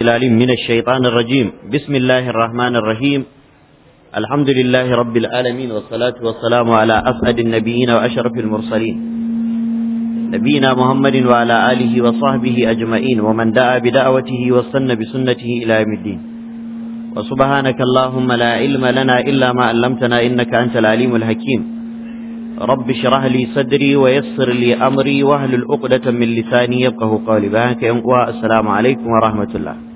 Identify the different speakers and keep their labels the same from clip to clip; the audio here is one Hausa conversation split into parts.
Speaker 1: هلال من الشيطان الرجيم بسم الله الرحمن الرحيم الحمد لله رب العالمين والصلاة والسلام على أسعد النبيين وأشرف المرسلين نبينا محمد وعلى آله وصحبه أجمعين ومن دعا بدعوته والسنة بسنته إلى يوم الدين وسبحانك اللهم لا علم لنا إلا ما علمتنا إنك أنت العليم الحكيم رب اشرح لي صدري ويسر لي أمري واهل العقدة من لساني يبقه قولي بهاك السلام عليكم ورحمة الله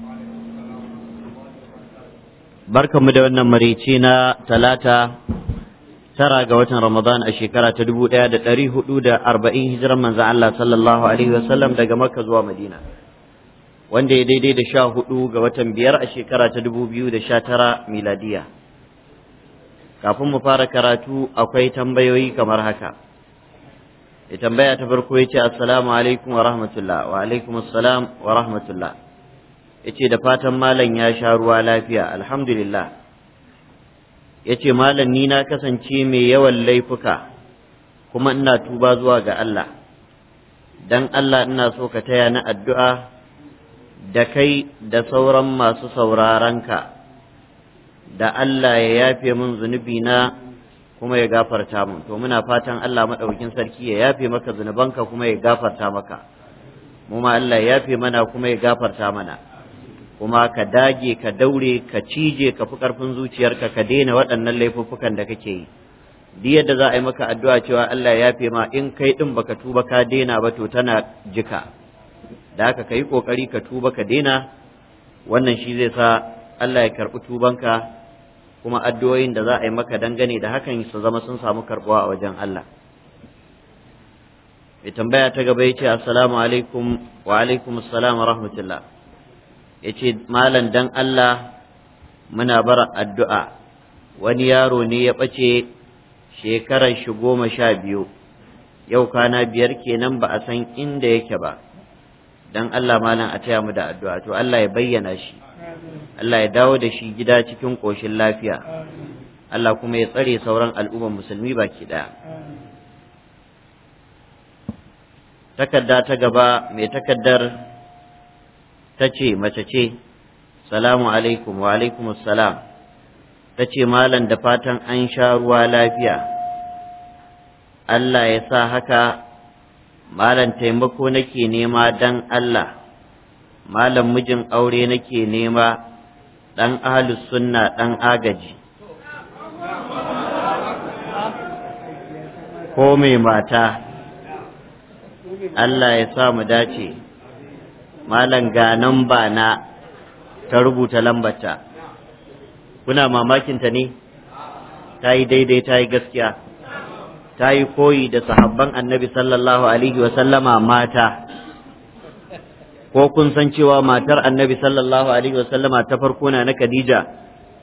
Speaker 1: barkanmu da wannan marici na talata tara ga watan ramadan a shekara ta dubu ɗaya da dari hudu da arba'in hijiran manzan Allah sallallahu alaihi wasallam daga makka zuwa madina wanda ya daidai da sha hudu ga watan biyar a shekara ta dubu biyu da sha tara miladiya kafin mu fara karatu akwai tambayoyi kamar haka ya tambaya ta farko ya ce assalamu alaikum wa rahmatullah wa alaikum assalam wa rahmatullah yace da fatan malam ya sha ruwa lafiya alhamdulillah yace malam ni na kasance mai yawan laifuka kuma ina tuba zuwa ga Allah dan Allah ina so ka taya na addu'a da kai da sauran masu saurarenka da Allah ya yafe min zunubi na kuma ya gafarta min to muna fatan Allah maɗaukin sarki ya yafe maka zunubanka kuma ya gafarta maka mu ma Allah ya yafe mana kuma ya gafarta mana kuma ka dage ka daure ka cije ka fi karfin zuciyarka ka daina waɗannan laifuffukan da kake yi duk yadda za a yi maka addu'a cewa Allah ya fi ma in kai din baka tuba ka daina ba to tana jika da haka kai kokari ka tuba ka daina wannan shi zai sa Allah ya karɓi tubanka kuma addu'o'in da za a yi maka dangane da hakan su zama sun samu karbuwa a wajen Allah mai tambaya ta gaba ya ce assalamu alaikum wa alaikum wa rahmatullah yace malam dan Allah muna bara addu'a wani yaro ne ya ɓace shekarar shi goma sha biyu yau kwana biyar kenan ba a san inda yake ba dan Allah malam a taya mu da addu'a to Allah ya bayyana shi Allah ya dawo da shi gida cikin ƙoshin lafiya Allah kuma ya tsare sauran al'ummar musulmi baki ɗaya takarda ta gaba mai takardar ta ce mace ce salamu alaikum wa alaikum salam ta ce malam da fatan an sha ruwa lafiya Allah ya sa haka malam taimako nake nema dan Allah malam mijin aure nake nema dan ahlus sunna dan agaji ko mai mata Allah ya sa mu dace malam ga nan ba na ta rubuta lambata kuna mamakinta ne ta yi daidai ta yi gaskiya ta yi koyi da sahabban annabi sallallahu alaihi sallama mata ko kun san cewa matar annabi sallallahu alaihi sallama ta farko na na Khadija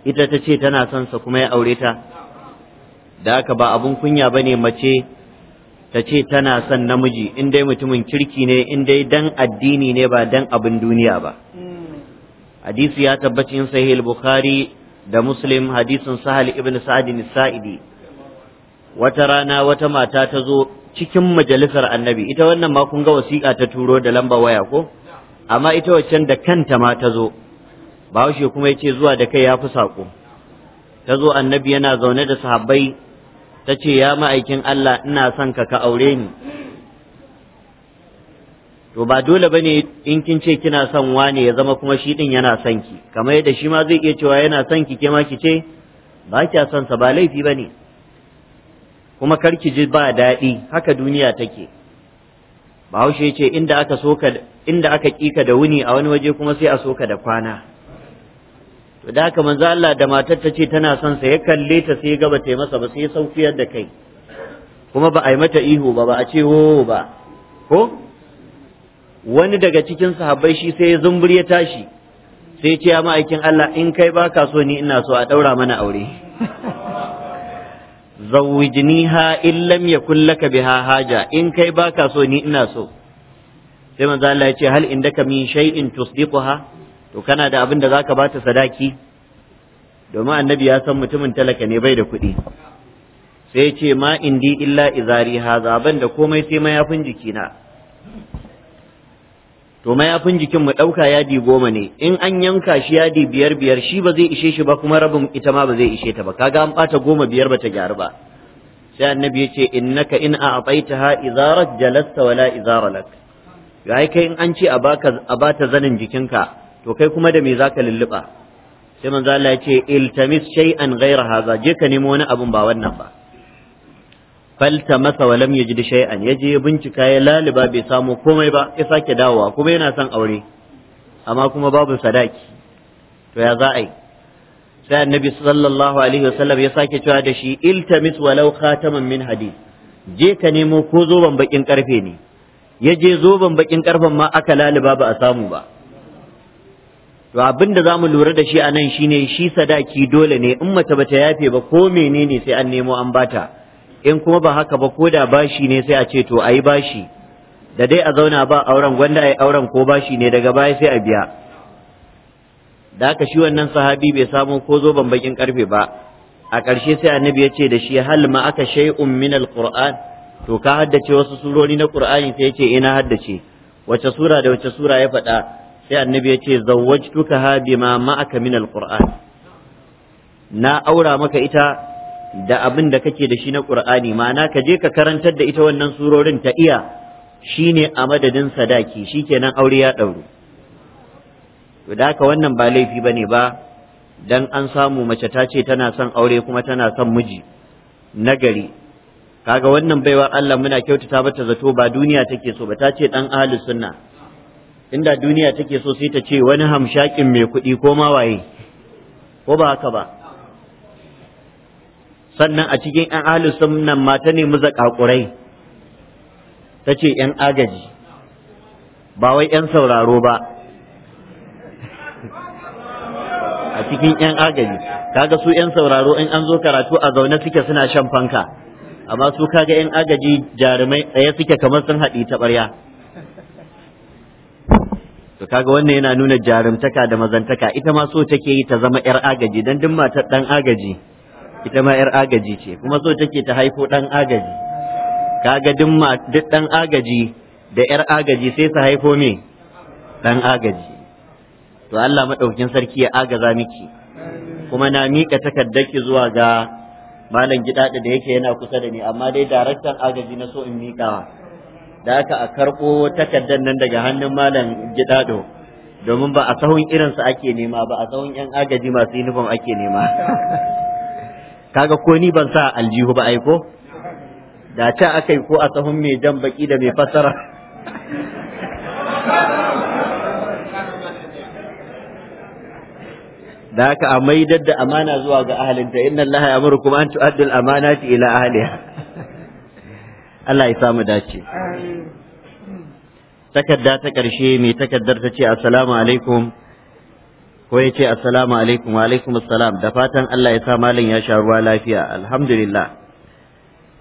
Speaker 1: ita ta ce tana son sa kuma ya aure ta da haka ba abun kunya ba ne mace ta ce tana son namiji in dai mutumin kirki ne in dai dan addini ne ba dan abin duniya ba hmm. hadisi ya tabbaci in sahih bukhari da muslim hadisin sahal ibn sa'ad sa'idi wata rana wata mata ta zo cikin majalisar annabi ita wannan ma kun ga wasiƙa ta turo da lamba waya ko amma ita waccan da kanta ma ta zo bahaushe kuma ya ce zuwa da kai ya fi saƙo ta zo annabi yana zaune da sahabbai ta ce ya ma'aikin Allah ina son ka ka aure ni to ba dole bane in kin ce kina son wane ya zama kuma shi din yana son ki kamar yadda shi ma zai iya cewa yana son ki ke ma ki ce ba kya son sa ba laifi bane kuma kar ki ji ba daɗi haka duniya take bahaushe ce inda aka soka inda aka kika da wuni a wani waje kuma sai a soka da kwana to da haka manzo Allah da matar ta ce tana son sa ya kalle ta sai ga ta masa ba sai ya saukiyar da kai kuma ba a yi mata ihu ba ba a ce ho ba ko wani daga cikin sahabbai shi sai ya zumbur ya tashi sai ce ya ma'aikin Allah in kai baka so ni ina so a daura mana aure zawwijniha in lam yakul laka biha haja in kai baka so ni ina so sai manzo Allah ya ce hal indaka min shay'in tusdiquha to kana da abin da za ka bata sadaki domin annabi ya san mutumin talaka ne bai da kuɗi sai ce ma indi illa izari haza ban da komai sai mayafin jikina to mayafin jikin mu ɗauka yadi goma ne in an yanka shi yadi biyar biyar shi ba zai ishe shi ba kuma rabin ita ma ba zai ishe ta ba kaga an ɓata goma biyar ba ta gyaru ba sai annabi ya ce innaka in a ataitaha izarat jalasta wala izara lak kai in an ce a baka a bata zanin jikinka to kai kuma da me zaka lulluba sai manzo Allah ya ce iltamis shay'an ghayra hadha je ka nemo wani abun ba wannan ba masa wa lam yajid shay'an yaje ya bincika ya laliba bai samu komai ba ya sake dawowa kuma yana son aure amma kuma babu sadaki to ya za a yi sai annabi sallallahu alaihi wasallam ya sake cewa da shi iltamis walau khataman min hadid je ka nemo ko zoban bakin karfe ne ya je zoban bakin karfen ma aka laliba ba a samu ba to abin da zamu lura da shi a nan shine shi sadaki dole ne in mace bata yafe ba ko menene sai an nemo an bata in kuma ba haka ba ko da bashi ne sai a ce to ayi bashi da dai a zauna ba auren gwanda ayi auren ko bashi ne daga baya sai a biya da haka shi wannan sahabi bai samu ko zo bakin karfe ba a ƙarshe sai annabi ya ce da shi hal ma aka shay'un min alquran to ka haddace wasu surori na qur'ani sai ya ce ina eh, haddace wace sura da wace sura ya faɗa sai annabi ya ce zawwajtuka ha bima ma'aka min alquran na aura maka ita da abin da kake da shi na qur'ani ma'ana ka je ka karantar da ita wannan surorin ta iya shine a madadin sadaki shikenan aure ya dauro to da haka wannan ba laifi bane ba dan an samu mace ta ce tana son aure kuma tana son miji nagari kaga wannan baiwar Allah muna kyautata bata zato ba duniya take so ba ta ce dan ahlus sunna inda duniya take so sai ta ce wani hamshakin mai kuɗi ko ma waye ko ba haka ba sannan a cikin 'yan ahalus sunnan mata ne muzakakurai ta ce 'yan agaji ba wai 'yan sauraro ba a cikin 'yan agaji kaga su 'yan sauraro in an zo karatu a zaune suke suna shan fanka amma su kaga 'yan agaji jarumai tsaye suke kamar sun haɗi ta ɓarya to kaga wannan yana nuna jarumtaka da mazantaka ita ma so take yi ta zama yar agaji dan duk matar dan agaji ita ma yar agaji ce kuma so take ta haifo dan agaji kaga duk duk dan agaji da yar agaji sai su haifo me dan agaji to Allah madaukin sarki ya agaza miki kuma na mika ki zuwa ga malam gidada da yake yana kusa da ni amma dai daraktan agaji na so in mikawa da aka a karɓo takardar nan daga hannun malam gidado domin ba a sahun irinsu ake nema ba a sahun yan agaji masu uniform ake nema kaga ko ni ban sa aljihu ba aiko da ta aka yi ko a sahun mai jan baki da mai fassara da aka a maidar da amana zuwa ga ahalinta inna allaha ya'murukum an tu'addu al-amanati ila ahliha Allah ya samu dace takarda ta ƙarshe mai takardar ta ce assalamu alaikum ko ya ce assalamu alaikum wa alaikum assalam da fatan Allah ya sa malam ya sha ruwa lafiya alhamdulillah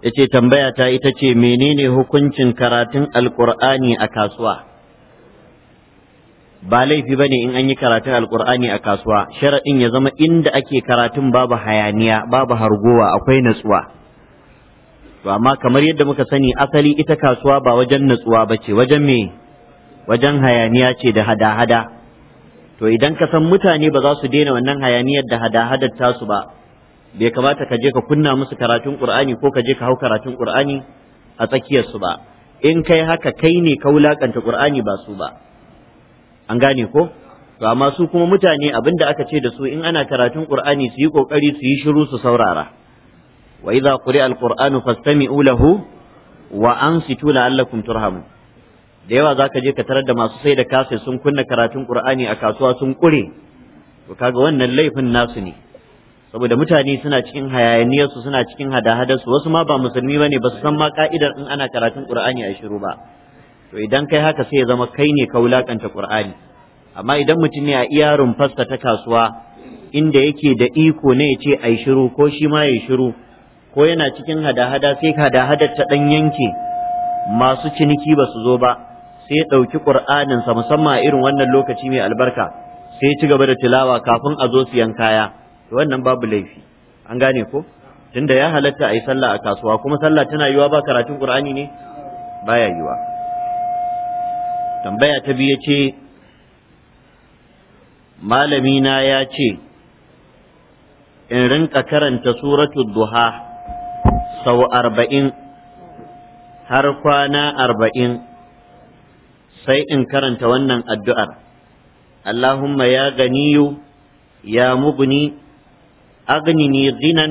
Speaker 1: ya ce tambaya ta ita ce menene hukuncin karatun alkur'ani a kasuwa ba laifi ba ne in an yi karatun alkur'ani a kasuwa sharaɗin ya zama inda ake karatun babu hayaniya babu hargowa akwai natsuwa to amma kamar yadda muka sani asali ita kasuwa ba wajen natsuwa ba ce wajen me wajen hayaniya ce da hada-hada to idan ka san mutane ba za su daina wannan hayaniyar da hada-hadar su ba bai kamata ka je ka kunna musu karatun qur'ani ko ka je ka hau karatun qur'ani a tsakiyarsu ba in kai haka kai ne ka wulakanta qur'ani ba su ba an gane ko to amma su kuma mutane abinda aka ce da su in ana karatun qur'ani su yi kokari su yi shiru su saurara wa idza quri'a alqur'anu fastami'u lahu wa ansitu la'allakum da yawa zaka je ka tarar da masu sai da kase sun kunna karatun qur'ani a kasuwa sun kure to kaga wannan laifin nasu ne saboda mutane suna cikin hayayeniyar suna cikin hada-hadar su wasu ma ba musulmi bane ba su san ma ka'idar in ana karatun qur'ani a shiru ba to idan kai haka sai ya zama kai ne ka wulakanta qur'ani amma idan mutum ne a iya fassa ta kasuwa inda yake da iko ne ya ce ai shiru ko shi ma ya shiru ko yana cikin hada-hada sai hada-hadar ta ɗan yanke masu ciniki ba su zo ba sai ɗauki ƙur'aninsa musamman a irin wannan lokaci mai albarka sai ci gaba da tilawa kafin a zo siyan kaya wannan babu laifi an gane ko tunda ya halatta a yi sallah a kasuwa kuma sallah tana yiwa ba karatun ƙur'ani ne baya yiwa tambaya ta biyu ce malami na ya ce in rinka karanta suratul duha sau arba'in har kwana arba'in sai in karanta wannan addu'ar Allahumma ya ganiyu ya mugni أغنني غنى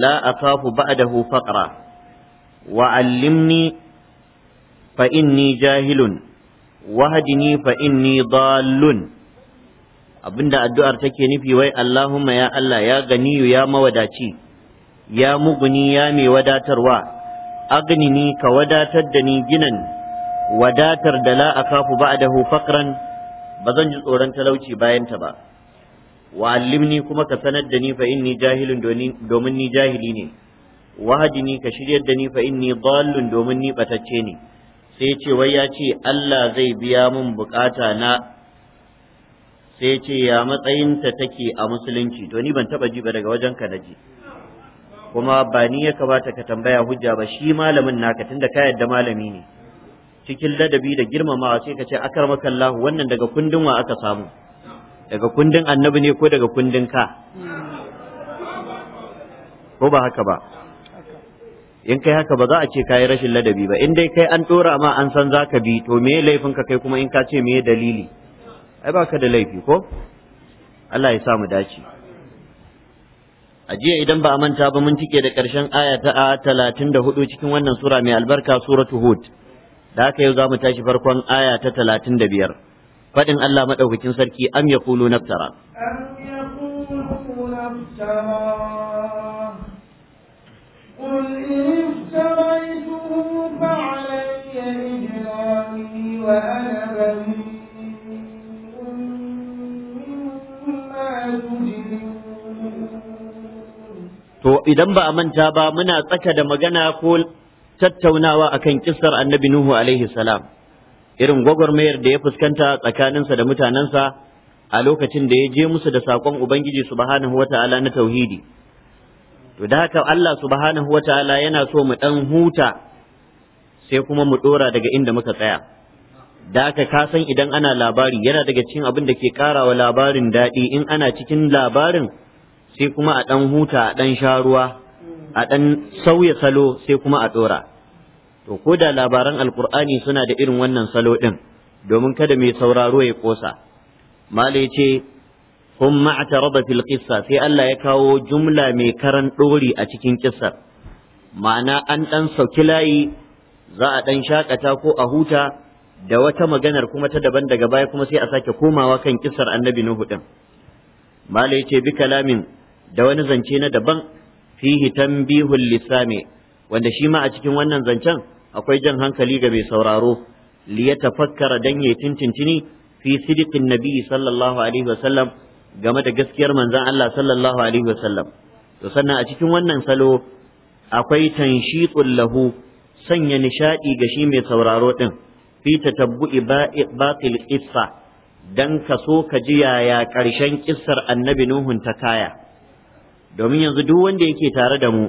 Speaker 1: لا أخاف بعده ni وعلمني فإني جاهل وهدني فإني ضال abinda addu'ar take nufi wai Allahumma ya Allah ya ganiyu ya mawadaci ya muguni ya mai wadatarwa agnini ka wadatar da ni ginan wadatar da la akafu ba'dahu faqran ba zan ji tsoron talauci bayan ta ba wa allimni kuma ka sanar da ni fa inni jahilun domin ni jahili ne wahadini ka shiryar da ni fa inni dallun domin ni batacce ne sai ce wai ya ce Allah zai biya mun bukata na sai ce ya matsayinta take a musulunci to ni ban taba ji ba daga wajen ka naji kuma ba ni ya kamata ka tambaya hujja ba shi malamin naka tunda ka yadda malami ne cikin ladabi da girmamawa sai ka ce akar Allah wannan daga kundin wa aka samu daga kundin annabi ne ko daga kundin ka ko ba haka ba in kai haka ba za a ce kai rashin ladabi ba in dai kai an dora ma an san zaka bi to me laifin ka kai kuma in ka ce me dalili ai baka da laifi ko Allah ya sa mu dace a jiya idan ba a manta ba mun cike da ƙarshen aya ta talatin da hudu cikin wannan sura mai albarka suratu hud da haka yau za mu tashi farkon aya ta talatin da biyar faɗin Allah maɗaukakin sarki am ya kulu naftara
Speaker 2: وأنا بريء
Speaker 1: to idan ba a manta ba muna tsaka da magana ko tattaunawa akan kissar annabi nuhu alaihi salam irin gwagwarmayar da ya fuskanta tsakaninsa da mutanensa a lokacin da ya je musu da saƙon ubangiji subhanahu wata'ala na tauhidi to da haka Allah subhanahu wata'ala yana so mu dan huta sai kuma mu dora daga inda muka tsaya da haka ka san idan ana labari yana daga cikin abin da ke karawa labarin daɗi in ana cikin labarin sai kuma a ɗan huta a ɗan sha ruwa a ɗan sauya salo sai kuma a ɗora to ko da labaran alkur'ani suna da irin wannan salo ɗin domin kada mai sauraro ya ƙosa malai ce hum ma'tarada fil sai Allah ya kawo jumla mai karan ɗori a cikin ƙisar, ma'ana an ɗan sauki layi za a ɗan shakata ko a huta da wata maganar kuma ta daban daga baya kuma sai a sake komawa kan ƙisar annabi Nuhu ɗin malai ce bi kalamin da wani zance na daban fihi tanbihul lisani wanda shi ma a cikin wannan zancen akwai jan hankali ga mai sauraro li ya tafakkara dan tintintini fi sidiqin nabi sallallahu alaihi wasallam game da gaskiyar manzon Allah sallallahu alaihi wasallam to sannan a cikin wannan salo akwai tanshiqul lahu sanya nishadi ga shi mai sauraro din fi tatabbu'i batil qissa dan ka so ka ji yaya ƙarshen kissar annabi Nuhun ta kaya domin yanzu duk wanda yake tare da mu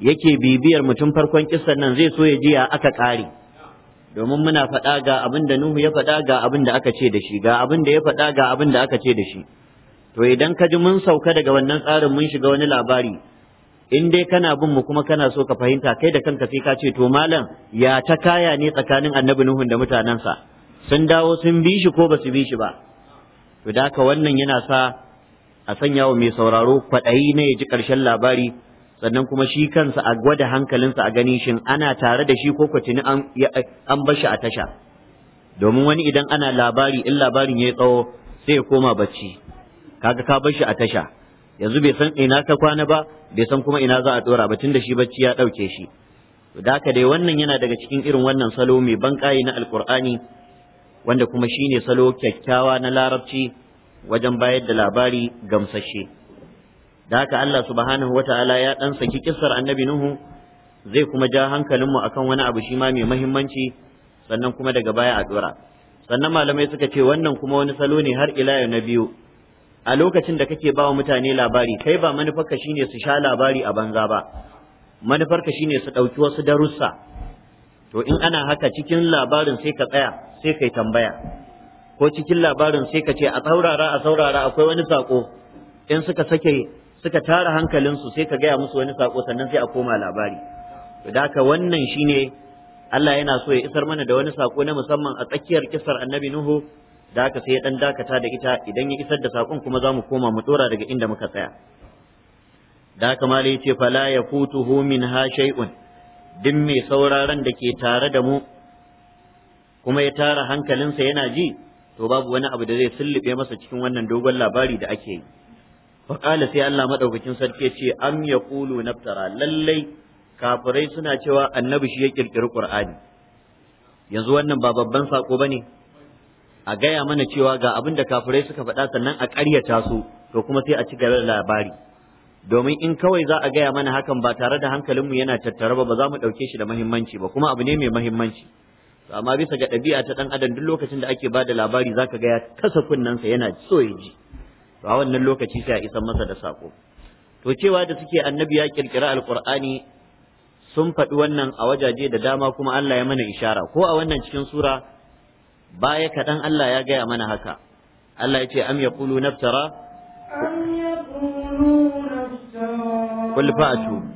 Speaker 1: yake bibiyar mutum farkon kissan nan zai so ya ji aka kare. domin muna faɗa ga abin da Nuhu ya faɗa ga abin da aka ce da shi ga abin da ya faɗa ga abin da aka ce da shi to idan ka ji mun sauka daga wannan tsarin mun shiga wani labari in dai kana bin mu kuma kana so ka fahimta kai da kanka sai ka ce to malam ya ta kaya ne tsakanin annabi Nuhu da mutanensa sun dawo sun bi shi ko ba su bi shi ba to da haka wannan yana sa a sanya wa mai sauraro kwaɗayi na ya ji ƙarshen labari sannan kuma shi kansa a gwada hankalinsa a gani shin ana tare da shi ko kwatini an bar a tasha domin wani idan ana labari in labarin ya yi tsawo sai ya koma bacci kaga ka bar a tasha yanzu bai san ina ka kwana ba bai san kuma ina za a dora ba tun tunda shi bacci ya ɗauke shi da haka dai wannan yana daga cikin irin wannan salo mai banƙaye na alƙur'ani wanda kuma shine salo kyakkyawa na larabci wajen bayar da labari gamsashe da haka Allah subhanahu ta'ala ya ɗan saki kissar annabi Nuhu zai kuma ja hankalinmu akan wani abu shi ma mai mahimmanci sannan kuma daga baya a dora sannan malamai suka ce wannan kuma wani salo ne har ila na biyu a lokacin da kake bawa mutane labari kai ba manufarka shine su sha labari a banza ba manufarka shine su ɗauki wasu darussa to in ana haka cikin labarin sai ka tsaya sai kai tambaya ko cikin labarin sai ka ce a saurara a saurara akwai wani sako in suka sake suka tara hankalinsu sai ka gaya musu wani sako sannan sai a koma labari da haka wannan shine Allah yana so ya isar mana da wani sako na musamman a tsakiyar kisar annabi Nuhu da haka sai ya dan dakata da ita idan ya isar da sakon kuma za mu koma mu dora daga inda muka tsaya da haka ce fala ya futuhu min ha shay'un duk mai sauraron da ke tare da mu kuma ya tara hankalinsa yana ji to babu wani abu da zai sullube masa cikin wannan dogon labari da ake yi faƙala sai Allah maɗaukakin sarki ya ce am ya kulu naftara lallai kafirai suna cewa annabi shi ya ƙirƙiri ƙur'ani yanzu wannan ba babban sako ba ne a gaya mana cewa ga abin da kafirai suka faɗa sannan a ƙaryata su to kuma sai a ci gaba da labari domin in kawai za a gaya mana hakan ba tare da hankalinmu yana tattare ba ba za mu ɗauke shi da muhimmanci ba kuma abu ne mai muhimmanci amma bisa ga ɗabi'a ta ɗan adam duk lokacin da ake bada labari zaka ga ya kasa kunnensa yana so ya ji to a wannan lokaci sai a isan masa da sako to cewa da suke annabi ya kirkira alqur'ani sun faɗi wannan a wajaje da dama kuma Allah ya mana ishara ko a wannan cikin sura baya kaɗan Allah ya gaya mana haka Allah ya ce am yaqulu naftara
Speaker 2: am yaqulu naftara qul fa'tu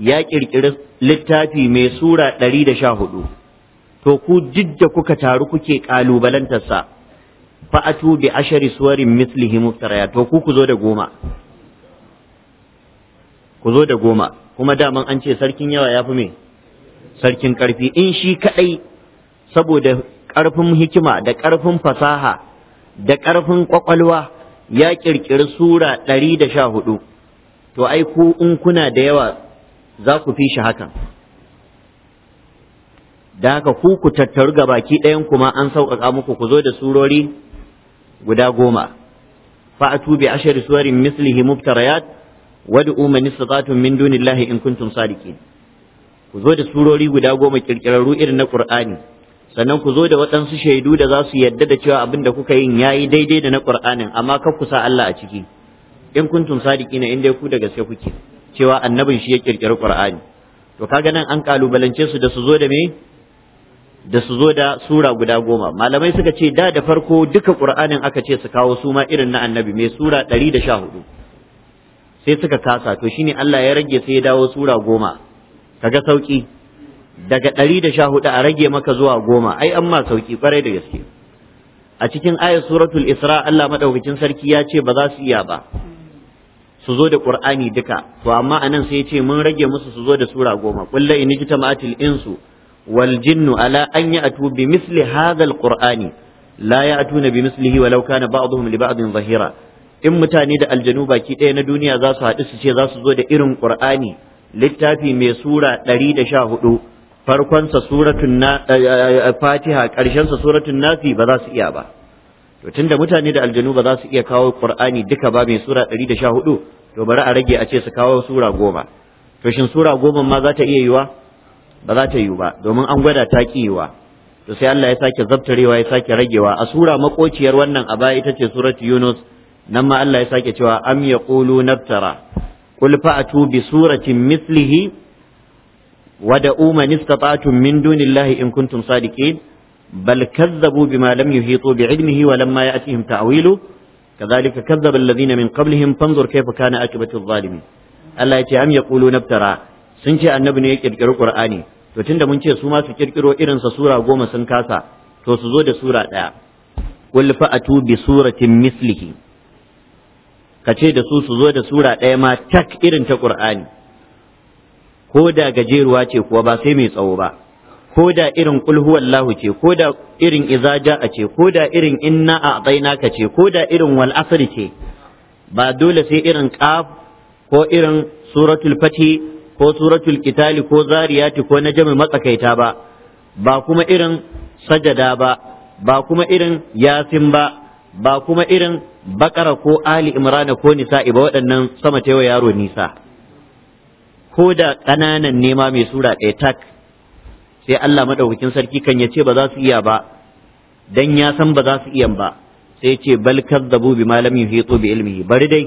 Speaker 1: ya ƙirƙiri littafi mai sura ɗari da sha hudu to ku jidda kuka taru kuke ƙalubalantarsa a bi ashari suwarin mislihi muftaraya to ku ku zo da goma ku zo da goma kuma daman an ce sarkin yawa ya fi me sarkin ƙarfi in shi kaɗai saboda ƙarfin hikima da ƙarfin fasaha da ƙarfin ƙwaƙwalwa ya ƙirƙiri sura ɗari da sha hudu to ai ku in kuna da yawa za ku fi shi hakan da haka ku ku tattaru ga baki ɗayan kuma an sauƙaƙa muku ku zo da surori guda goma fa'atu bi ashari suwarin mislihi mubtarayat wad'u man istata'tum min dunillahi in kuntum sadiqin ku zo da surori guda goma kirkirarru irin na qur'ani sannan ku zo da waɗansu shaidu da za su yadda da cewa abin da kuka yin yi daidai da na ƙur'anin, amma kar ku sa Allah a ciki in kuntum sadiqina in dai ku da gaske kuke cewa annabin shi ya kirkiri qur'ani to kaga nan an kalubalance su da su zo da me da su zo da sura guda goma malamai suka ce da da farko duka qur'anin aka ce su kawo su ma irin na annabi mai sura 114 sai suka kasa to shine Allah ya rage sai ya dawo sura goma kaga sauki daga 114 a rage maka zuwa goma ai an sauki kwarai da gaske a cikin ayat suratul isra Allah madaukakin sarki ya ce ba za su iya ba su zo da qur'ani duka to amma anan sai yace mun rage musu su zo da sura goma qul la in jitama'atil insu wal jinnu ala an ya'tu bi misli hadha al qur'ani la ya'tuna bi mislihi walau kana ba'dhum li ba'din zahira in mutane da aljanu baki ɗaya na duniya za su haɗu su ce za su zo da irin qur'ani littafi mai sura 114 sa suratun na eh, eh, eh, fatiha sa suratun nafi ba za su iya ba to tunda mutane da aljanu ba za su iya kawo qur'ani duka ba mai sura 114 to bari a rage a ce su kawo sura goma to shin sura goma ma za ta iya yiwa ba za ta yiwu ba domin an gwada ta ki to sai Allah ya sake zabtarewa ya sake ragewa a sura makociyar wannan a baya ita ce suratu yunus nan ma Allah ya sake cewa am yaqulu naftara qul fa'atu bi suratin mithlihi wada'u man istata'tum min dunillahi in kuntum sadiqin بل كذبوا بما لم يحيطوا بعلمه ولما يأتيهم تأويله كذلك كذب الذين من قبلهم فانظر كيف كان عاقبة الظالمين Allah ya ce am yaquluna naftara sun ce annabi ne ya kirkiri Qur'ani to tunda mun ce su ma su kirkiro irinsa sa sura goma sun kasa to su zo da sura daya qul fa'atu bi suratin mislihi kace da su su zo da sura ɗaya ma tak irin ta Kur'ani. ko da gajeruwa ce kuwa ba sai mai tsawo ba ko da irin kulhuwallahu ce ko da irin izaja a ce ko da irin inna a ka ce ko da irin wal asri ce ba dole sai irin qaf ko irin suratul fati ko suratul qitali ko zariyati ko na najmi matsakaita ba ba kuma irin sajada ba ba kuma irin yasin ba ba kuma irin bakara ko ali imrana ko nisa ba waɗannan sama ta yaro nisa ko da ƙananan nema mai sura ɗaya tak sai Allah madaukakin sarki kan ya ce ba za su iya ba dan ya san ba za su iya ba sai ce bal kadzabu bima lam yuhitu bi ilmihi bari dai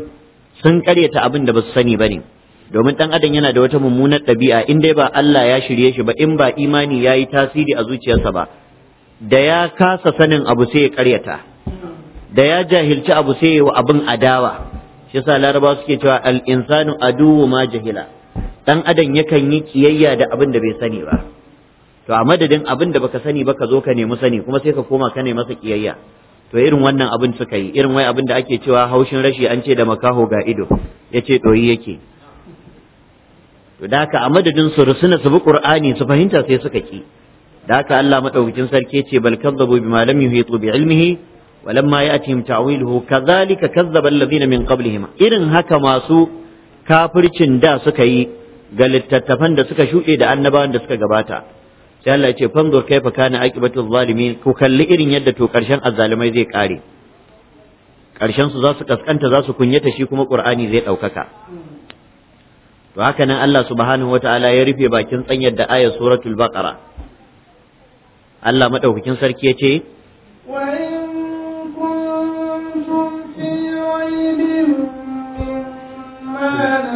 Speaker 1: sun karyata abin da ba su sani bane domin dan adam yana da wata mummunar ɗabi'a in dai ba Allah ya shirye shi ba in ba imani yayi tasiri a zuciyarsa ba da ya kasa sanin abu sai ya karyata da ya jahilci abu sai ya wa abin adawa shi yasa larabawa suke cewa al insanu aduwu ma jahila dan adam yakan yi kiyayya da abin da bai sani ba to a madadin abin da baka sani baka zo ka nemi sani kuma sai ka koma ka nemi masa kiyayya to irin wannan abin suka yi irin wai abin da ake cewa haushin rashi an ce da makaho ga ido yace doyi yake to da haka a madadin su rusuna su bi qur'ani su fahimta sai suka ki da haka Allah madaukakin sarki yace bal kadzabu bima lam yuhitu bi ilmihi ولما يأتهم تعويله كذلك كذب الذين من قبلهم إرن هكا ماسو da suka سكي قال التتفن دا سكا shuɗe da أنبان دا سكا قباتا sai Allah ya ce fanzur kaifa kana aqibatul zalimin ku kalli irin yadda to karshen azzalimai zai kare karshen su za su kaskanta za su kunyata shi kuma qur'ani zai daukaka to haka nan Allah subhanahu wataala ya rufe bakin tsanyar da ayar suratul baqara Allah madaukakin sarki ya ce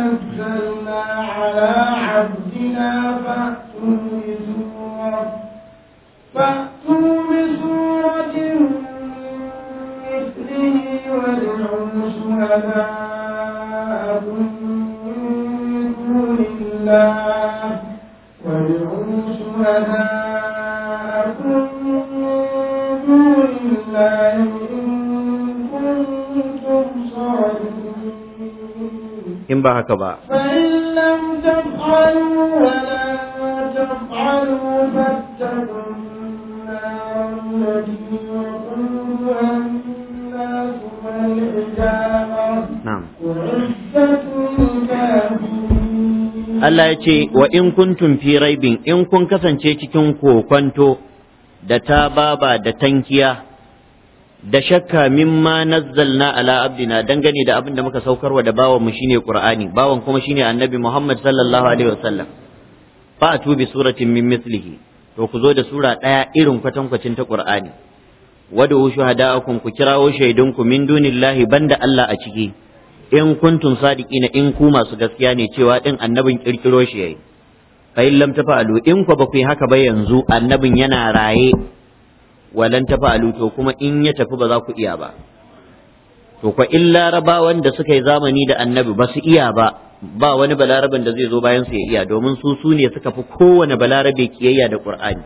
Speaker 2: نزلنا على عبدنا آباءكم من دون من دون الله إن كنتم صادقين
Speaker 1: إن بهك
Speaker 2: فإن لم تفعلوا ولا تفعلوا فاتقوا النار التي
Speaker 1: Allah ya ce wa in kuntum fi raibin in kun kasance cikin kokwanto da ta baba da tankiya da shakka mimma nazzalna ala abdina dangane da abin da muka saukarwa da bawan mu shine qur'ani bawan kuma shine annabi Muhammad sallallahu alaihi wasallam fa atu bi suratin min to ku zo da sura daya irin kwatankwacin ta qur'ani wadu shuhada'akum ku kirawo shaidunku min dunillahi banda Allah a ciki in kuntum sadiqina in ku masu gaskiya ne cewa din annabin kirkiro shi yayi fa in lam tafalu in ku ba ku haka ba yanzu annabin yana raye walan tafalu to kuma in ya tafi ba za ku iya ba to fa illa raba da suka yi zamani da annabi ba su iya ba ba wani balaraban da zai zo bayan su ya iya domin su su ne suka fi kowane balarabe kiyayya da qur'ani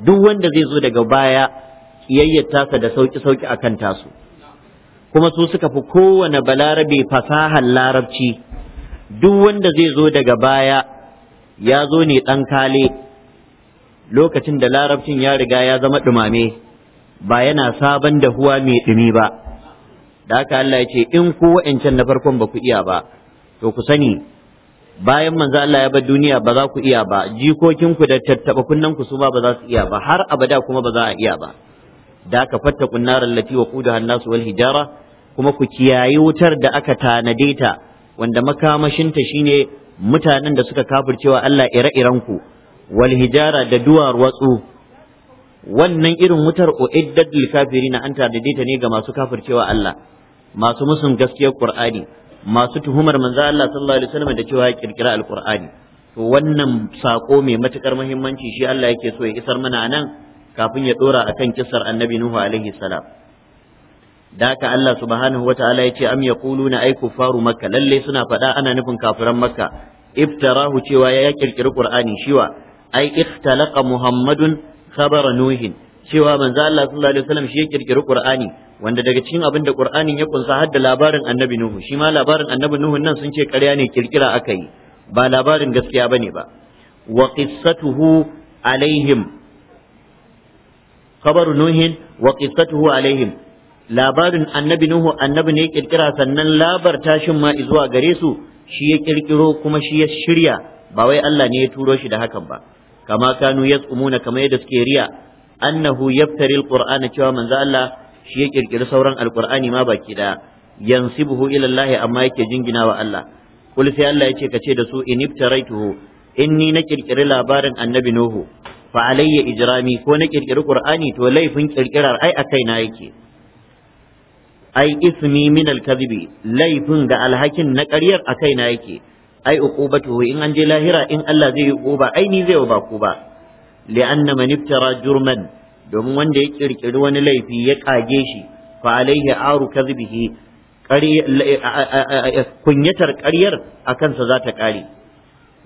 Speaker 1: duk wanda zai zo daga baya kiyayyar tasa da sauki sauki akan tasu kuma su suka fi kowane balarabe fasahar larabci duk wanda zai zo daga baya ya zo ne ɗan kale lokacin da larabcin ya riga ya zama ɗumame ba yana sabon dahuwa mai ɗumi ba da haka Allah ya ce in ku wa'ancan na farkon ba ku iya ba to ku sani bayan manzo Allah ya bar duniya ba za ku iya ba jikokinku da tattaba ku su ma ba za su iya ba har abada kuma ba za a iya ba da haka fatta kunnar allati wa qudaha an-nas wal hijara kuma ku kiyayi wutar da aka tanade ta wanda makamashinta shine mutanen da suka kafircewa Allah ire-iren ku wal hijara da duwar watsu wannan irin wutar uiddat iddatul kafirina an tanade ta ne ga masu kafircewa Allah masu musun gaskiyar Qur'ani masu tuhumar manzo Allah sallallahu alaihi wasallam da cewa ya kirkira alqur'ani to wannan sako mai matukar muhimmanci shi Allah yake so ya isar mana nan kafin ya dora akan kisar annabi Nuhu alaihi salam da haka Allah subhanahu ya ce am yaquluna ay kuffaru makka lalle suna faɗa ana nufin kafiran makka iftarahu cewa ya kirkiri qur'ani shiwa ay ikhtalaqa muhammadun khabara nuhin cewa manzo Allah sallallahu alaihi wasallam shi ya kirkiri qur'ani wanda daga cikin abin da qur'anin ya kunsa har da labarin annabi nuhu shi ma labarin annabi nuhu nan sun ce ƙarya ne kirkira aka yi ba labarin gaskiya bane ba wa qissatuhu alaihim khabaru nuhin wa qissatuhu alaihim labarin annabi nuhu annabi ne kirkira sannan labar tashin ma zuwa gare su shi ya kirkiro kuma shi ya shirya ba wai Allah ne ya turo shi da hakan ba kama kanu yas'umuna kama yadda suke riya annahu yaftari alqur'ana cewa manzo Allah shi ya kirkiri sauran alqur'ani ma baki da yansibuhu ila Allah amma yake jingina wa Allah kul sai Allah ya ce ce da su In inni na kirkiri labarin annabi nuhu fa alayya ijrami ko na kirkiri qur'ani to laifin kirkirar ai akai na yake ai ismi min alkazibi laifin da alhakin na ƙaryar a kaina yake ai uqubatuhu in an je lahira in Allah zai yi uquba ai ni zai ba ku ba li'anna man iftara jurman domin wanda ya kirkiri wani laifi ya kage shi fa alaihi aru kadhibihi kunyatar ƙaryar a kansa za ta ƙare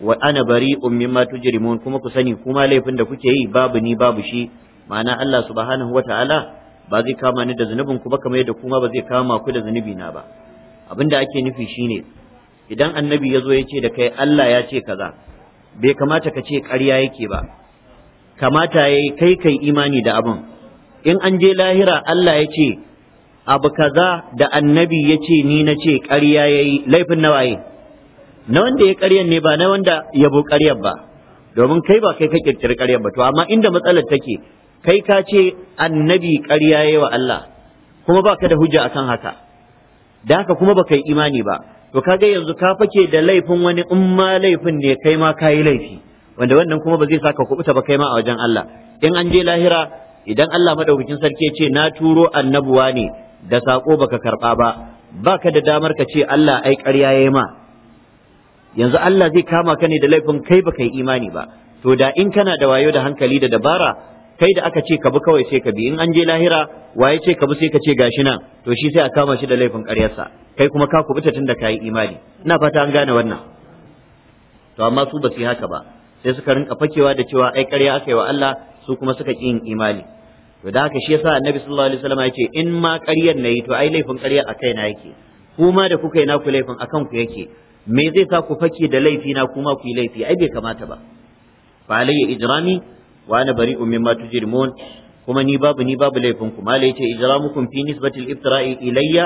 Speaker 1: wa ana ummin mimma tujrimun kuma ku sani kuma laifin da kuke yi babu ni babu shi ma'ana Allah subhanahu wa ta'ala ba zai kama ni da zunubin ku ba kamar yadda kuma ba zai kama ku da zunubi na ba abinda ake nufi shine idan annabi yazo ya ce da kai Allah ya ce kaza bai kamata ka ce ƙarya yake ba kamata ya kai kai imani da abin in an je lahira Allah ya ce abu kaza da annabi ya ce ni na ce ƙarya ya yi laifin na waye na wanda ya ƙaryan ne ba na wanda yabo ƙaryan ba domin kai ba kai ka ƙirƙiri ƙaryan ba to amma inda matsalar take kai ka ce annabi ƙarya yayi wa Allah kuma baka da hujja akan haka da haka kuma baka yi imani ba to kaga yanzu ka fake da laifin wani in ma laifin ne kai ma kayi laifi wanda wannan kuma ba zai saka kubuta ba kai ma a wajen Allah in an je lahira idan Allah madaukakin sarki ya ce na turo annabuwa ne da sako baka karba ba baka da damar ka ce Allah ai ƙarya yayi ma yanzu Allah zai kama ka ne da laifin kai baka yi imani ba to da in kana da wayo da hankali da dabara kai da aka ce ka bi kawai sai ka bi in an je lahira waye ce ka bi sai ka ce gashi nan to shi sai a kama shi da laifin ƙaryarsa kai kuma ka kubuta tunda ka yi imani ina fata an gane wannan to amma su ba su yi haka ba sai suka rinka fakewa da cewa ai ƙarya aka yi wa Allah su kuma suka ƙi yin imani to da haka shi yasa annabi sallallahu alaihi wasallam ya ce in ma ƙaryar nayi to ai laifin ƙarya a na yake kuma da kuka yi ku laifin akan ku yake me zai sa ku fake da laifi na kuma ku yi laifi ai bai kamata ba fa alayya ijrami wa ana bari'un matu tujrimun kuma ni babu ni babu laifin ku mala yace ijramukum fi nisbatil iftirai ilayya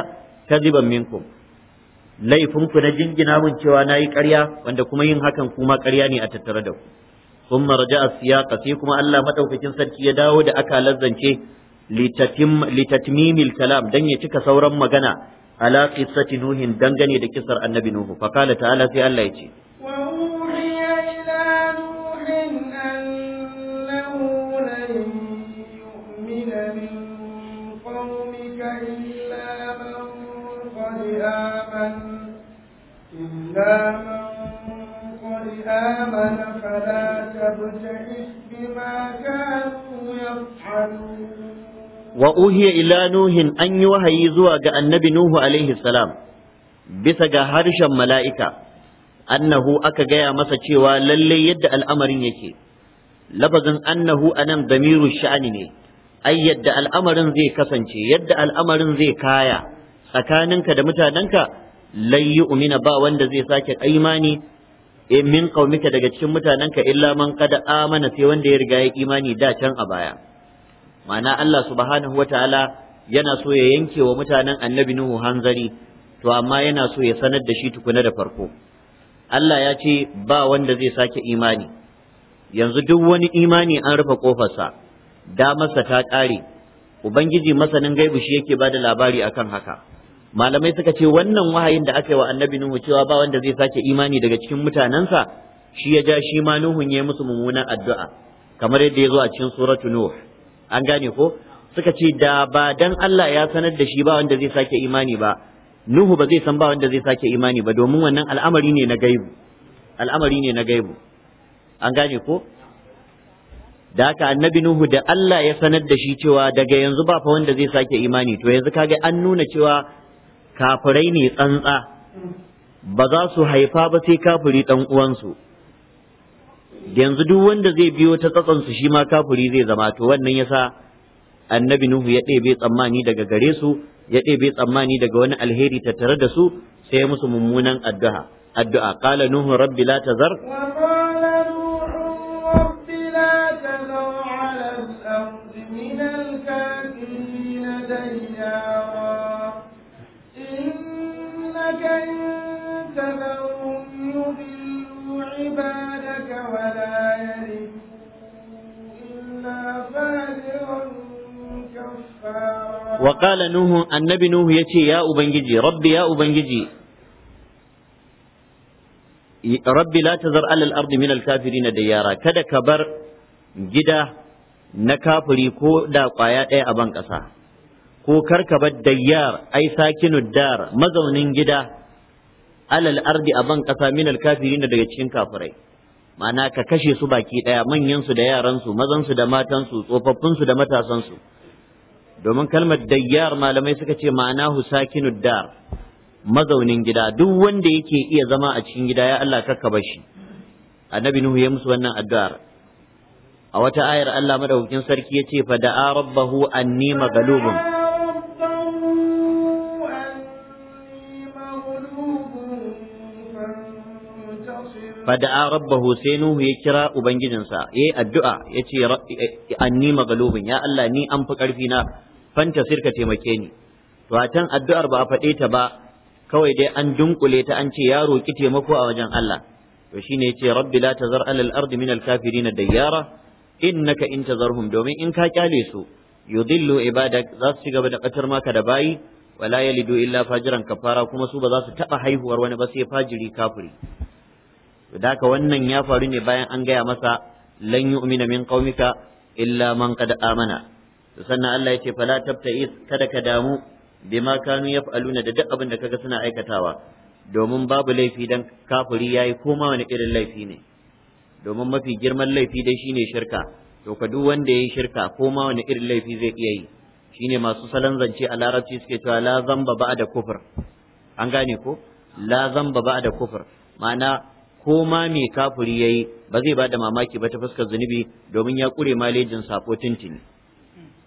Speaker 1: kadiban minkum laifin ku na jingina mun cewa nayi ƙarya wanda kuma yin hakan kuma ƙarya ne a tattare da ku thumma raja'a siyaqa sai kuma Allah madaukakin sarki ya dawo da aka lazzance litatmimil kalam dan ya cika sauran magana ala qissati nuhin dangane da kisar annabi nuhu fa ta'ala sai Allah ya ce
Speaker 2: wa uhi ila nuhin تبتئس بما كانوا يفعلون
Speaker 1: وأوهي إلى نوح bisa ga harshen mala'ika, annahu aka gaya masa cewa lalle yadda al'amarin yake, lafazin annahu a nan damiru sha'ani ne, ai yadda al'amarin zai kasance, yadda al'amarin zai kaya tsakaninka da mutanenka lan umina ba wanda zai sake imani eh, min qaumika daga cikin mutanenka illa man kada amana sai wanda ya riga ya imani da can a baya ma'ana Allah subhanahu wataala yana so ya yanke wa mutanen annabi nuhu hanzari to amma yana so ya sanar da shi tukuna da farko Allah ya ce ba wanda zai sake imani yanzu duk wani imani an rufe kofarsa damarsa ta ƙare ubangiji masanin gaibu shi yake ba da labari akan haka malamai suka ce wannan wahayin da aka yi wa annabi nuhu cewa ba wanda zai sake imani daga cikin mutanensa shi ya ja shi ma nuhun ya musu mummunan addu'a kamar yadda ya zo a cikin suratu nuh an gane ko suka ce da ba dan Allah ya sanar da shi ba wanda zai sake imani ba nuhu ba zai san ba wanda zai sake imani ba domin wannan al'amari ne na gaibu al'amari ne na gaibu an gane ko da haka annabi Nuhu da Allah ya sanar da shi cewa daga yanzu ba fa wanda zai sake imani to yanzu kage an nuna cewa kafirai ne tsantsa ba za su haifa ba sai kafiri ɗan uwansu yanzu duk wanda zai biyo ta tsatsansu shi ma kafiri zai zama to wannan yasa annabi nuhu ya ɗebe tsammani daga gare su ya ɗebe tsammani daga wani alheri tattare da su sai musu mummunan addu'a addu'a qala nuhu rabbi la tazar wa qala nuhu annabi nuhu yace ya ubangiji rabbi ya ubangiji rabbi la tazar ala al-ardi min al-kafirin diyara kada ka bar gida na kafiri ko da kwaya ɗaya a ban ƙasa ko kar ka bar dayyar ai sakinu dar mazaunin gida alal ardi a ban ƙasa min al-kafirin daga cikin kafirai mana ka kashe su baki ɗaya manyan su da yaran su mazan su da matan su tsofaffin su da matasan su domin kalmar dayyar malamai suka ce ma'ana sakinu dar mazaunin gida duk wanda yake iya zama a cikin gida ya Allah kakkaba shi annabi nuhu ya musu wannan addu'ar a wata ayar Allah madaukakin sarki yace ce fa da'a rabbahu anni maghlubun fada'a rabbahu sai Nuhu ya kira ubangijinsa yayi addu'a yace anni maghlubun ya Allah ni an fi karfi na fanta sirka taimake ni to a can addu'ar ba a faɗe ta ba kawai dai an dunkule ta an ce ya roki taimako a wajen Allah to shine yace rabbi la tazar alal ardi min al kafirin dayyara innaka in tazarhum domin in ka kyale su yudillu ibadak za su ci gaba da katar maka da bayi wala yalidu illa fajiran kafara kuma su ba za su taba haihuwar wani ba sai fajiri kafiri da haka wannan ya faru ne bayan an gaya masa lan yu'mina min qaumika illa man qad amana sannan Allah ce fala is kada ka damu bima kanu yaf'aluna da duk abin da kaga suna aikatawa domin babu laifi dan kafiri yayi koma wani irin laifi ne domin mafi girman laifi dai shine shirka to ka duk wanda yayi shirka koma wani irin laifi zai iya yi shine masu salon zance a larabci suke cewa la zamba ba'da kufur an gane ko la zamba ba'da kufur ma'ana koma mai kafuri yayi ba zai ba da mamaki ba ta fuskar zunubi domin ya kure malejin sako tintini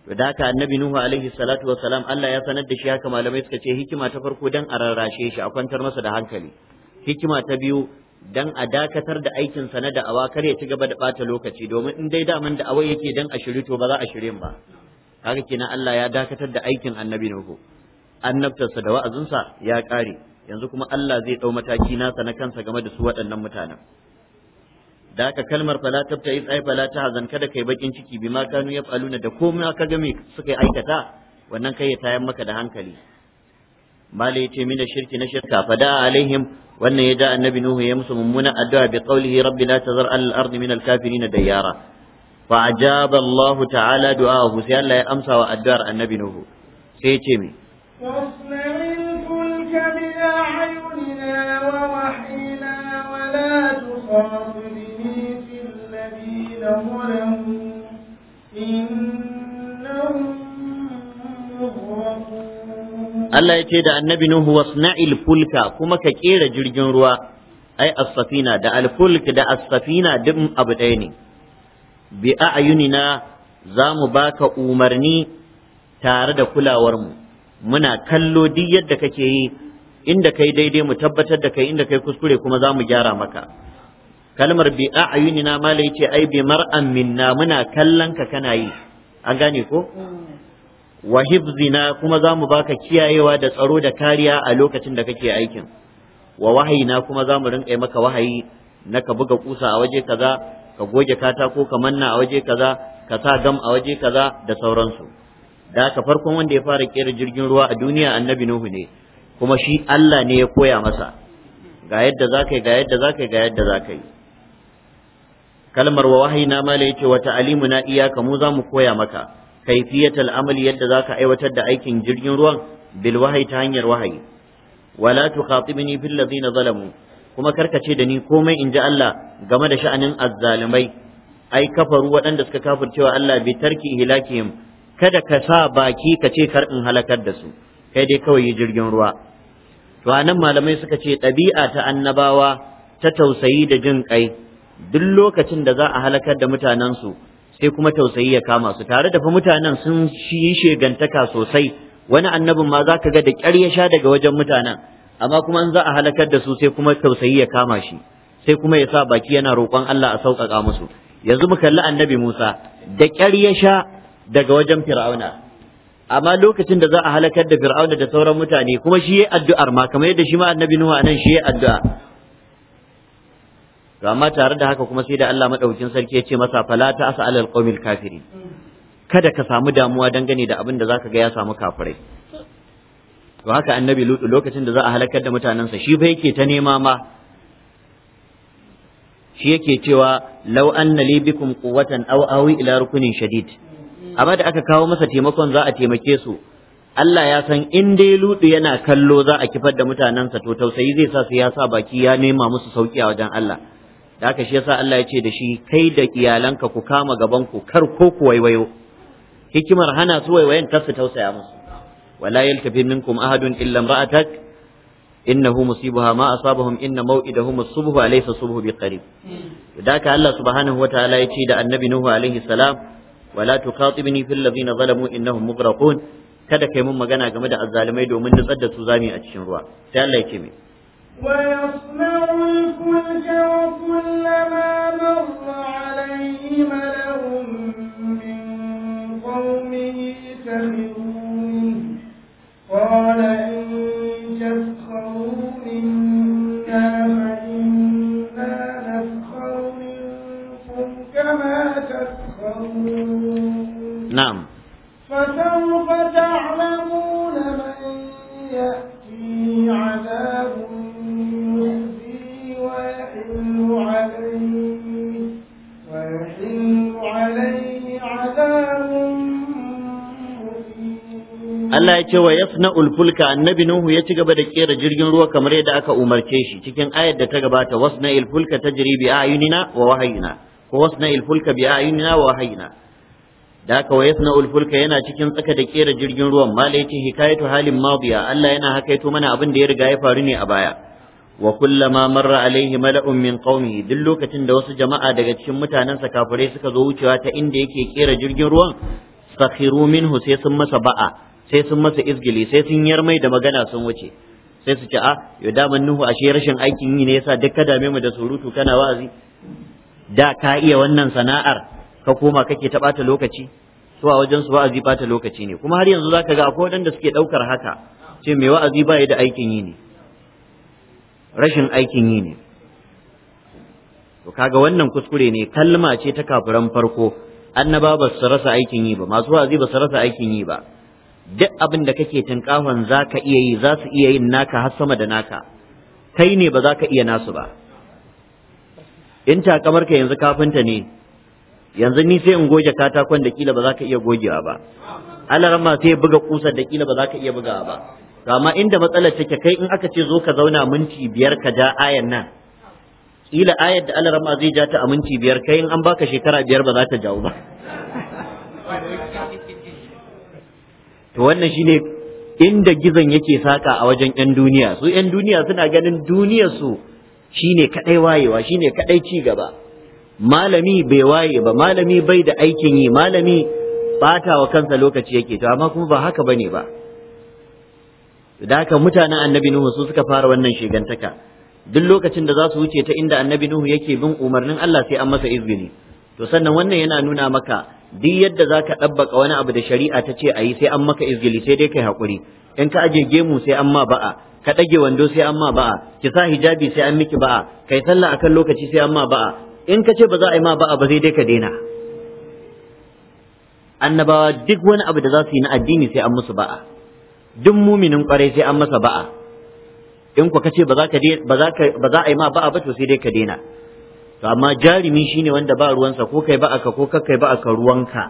Speaker 1: da haka annabi nuhu alaihi salatu wa salam Allah ya sanar da shi haka malamai suka ce hikima ta farko dan a rarrashe shi a kwantar masa da hankali hikima ta biyu dan a dakatar da aikin sa na awa kar ya ci gaba da bata lokaci domin in dai daman awai yake dan a shiri to ba za a shirin ba haka kenan Allah ya dakatar da aikin annabi nuhu annabtarsa da wa'azinsa ya kare yanzu kuma Allah zai dau mataki nasa na kansa game da su waɗannan mutanen da kalmar fala tabta is ai fala ta hazan kada kai bakin ciki bima kanu yaf'aluna da komai aka game suka yi aikata wannan kai ya tayar maka da hankali ya yace min shirki na shirka fada alaihim wannan ya da annabi nuhu ya musu mummuna addu'a bi qawlihi rabbi la tazar al ardi min al kafirin dayara fa ajaba allah ta'ala du'ahu sai Allah ya amsa wa addu'ar annabi nuhu sai yace me
Speaker 2: واصنع Allah
Speaker 1: ya ce da annabi Nuhu wasna'il fulka kuma ka kera jirgin ruwa ai as-safina da al-fulk da as-safina duk abu ɗaya ne bi a'yunina za mu baka umarni tare da kulawar mu muna kallo duk yadda kake yi inda kai daidai mu tabbatar da kai inda kai kuskure kuma za mu gyara maka kalmar bi a'yunina malai ce ai bi mar'an minna muna kallon ka kana yi an gane ko mm. wa hibzina kuma za mu baka kiyayewa da tsaro da kariya a lokacin da kake aikin wa wahayina kuma za mu rinƙa maka wahayi na ka buga kusa a waje kaza ka goge katako ka manna a waje kaza ka sa gam a waje kaza da sauransu da ka farkon wanda ya fara kera jirgin ruwa a duniya annabi nuhu ne kuma shi Allah ne ya koya masa ga yadda za ka yi ga yadda za ga yadda za kalmar wa wahayina ma la yace wa ta'alimuna iyaka mu za mu koya maka kayfiyat al yadda za ka aiwatar da aikin jirgin ruwan bil wahyi ta hanyar wahayi wala tukhatibni fil ladina zalamu kuma kar karkace da ni komai in ji Allah game da sha'anin azzalumai ai kafaru waɗanda suka kafircewa Allah bi tarki hilakihim kada ka sa baki ka ce kar in halakar da su kai dai kawai yi jirgin ruwa to anan malamai suka ce ɗabi'a ta annabawa ta tausayi da jin kai duk lokacin da za a halakar da mutanensu sai kuma tausayi ya kama su tare da fa mutanen sun shi shegantaka sosai wani annabin ma zaka ga da ƙyar ya sha daga wajen mutanen amma kuma in za a halakar da su sai kuma tausayi ya kama shi sai kuma ya sa baki yana roƙon Allah a sauƙaƙa musu yanzu mu kalli annabi Musa da ƙyar ya sha daga wajen Fir'auna amma lokacin da za a halakar da Fir'auna da sauran mutane kuma shi yayi addu'ar ma kamar yadda shi ma annabi Nuhu anan shi yayi addu'a to amma tare da haka kuma sai da Allah madaukin sarki ya ce masa fala ta asa alal qawmil kafirin kada ka samu damuwa dangane da abin da zaka ga ya samu kafirai to haka annabi lutu lokacin da za a halakar da mutanensa shi fa yake ta nema ma shi yake cewa law anna li bikum quwwatan aw awi ila rukunin shadid amma da aka kawo masa taimakon za a taimake su Allah ya san in dai lutu yana kallo za a kifar da mutanensa to tausayi zai sa su ya sa baki ya nema musu sauki a wajen Allah da haka shi yasa Allah ya ce da shi kai da iyalanka ku kama gaban ku kar ko ku waiwayo hikimar hana su waiwayen kar su tausaya musu wala yaltafi minkum ahadun illa imra'atak innahu musibaha ma asabahum inna maw'idahum as-subhu alaysa subhu biqarib da Allah subhanahu wataala ya ce da annabi Nuhu alaihi salam wala tuqatibni fil ladina zalamu innahum mughraqun kada kai mun magana game da azzalumai domin nutsar da su zami a cikin ruwa sai Allah ya ce mai
Speaker 2: ويصنع الفلك وكلما مر من قومه قال إن منا فإنا منكم كما نعم فسوف تعلمون من يأتي عذاب Allah ya ce wa
Speaker 1: na ulfulka annabi Nuhu ya ci gaba da kera jirgin ruwa kamar yadda aka umarce shi cikin ayar da ta gabata wasna ilfulka tajri bi ayunina wa wahayina ko wasna ilfulka bi ayunina wa wahayina da aka wa na ulfulka yana cikin tsaka da kera jirgin ruwan mala ya ce hikayatu halin madiya Allah yana hakaito mana abin da ya riga ya faru ne a baya wa kullama marra alaihi mala'un min qaumihi duk lokacin da wasu jama'a daga cikin mutanensa kafirai suka zo wucewa ta inda yake kera jirgin ruwan sakhiru minhu sai sun masa ba'a sai sun masa izgili sai sun yarmai da magana sun wuce sai su ce a ah, yo daman nuhu ashe rashin aikin yi ne yasa duk ka dame mu da surutu kana wa'azi da ka iya wannan sana'ar ka koma kake ta bata lokaci to a wajen su wa'azi bata lokaci ne kuma har yanzu zaka ga akwai wadanda suke ɗaukar haka ce mai wa'azi ba da aikin yi ne rashin aikin yi ne to kaga wannan kuskure ne kalma ce ta kafiran farko annaba ba su rasa aikin yi ba masu wa'azi ba su rasa aikin yi ba duk abin da kake tinkahon za ka iya yi za su iya yin naka har sama da naka kai ne ba za ka iya nasu ba in takamar ka yanzu kafinta ne yanzu ni sai in goge katakon da kila ba za ka iya gogewa ba alarama sai buga ƙusa da kila ba za ka iya bugawa ba to amma inda matsalar take kai in aka ce zo ka zauna minti biyar ka ja ayan nan kila ayar da Allah zai ja ta a minti biyar kai in an baka shekara biyar ba za ta jawo ba to wannan shine inda gizon yake saka a wajen yan duniya su yan duniya suna ganin duniyar su shine kadai wayewa shine kadai ci gaba malami bai waye ba malami bai da aikin yi malami bata wa kansa lokaci yake to amma kuma ba haka bane ba da haka mutanen annabi nuhu su suka fara wannan shigantaka duk lokacin da za su wuce ta inda annabi nuhu yake bin umarnin Allah sai an masa izgili to sannan wannan yana nuna maka duk yadda zaka ka ɗabbaka wani abu da shari'a ta ce a sai an maka izgili sai dai kai hakuri in ka aje gemu sai an ma ba'a ka ɗage wando sai an ma ba'a ki sa hijabi sai an miki ba'a kai sallah akan lokaci sai an ma ba'a in ka ce ba za a yi ma ba'a ba sai dai ka daina annabawa duk wani abu da za su yi na addini sai an musu ba'a duk muminin kwarai sai an masa ba'a in ku kace ba za ka ba za a yi ma ba'a ba to sai dai ka daina to amma jarumi shine wanda ba ruwansa ko kai ba'a ka ko kakkai ba'a ka ruwanka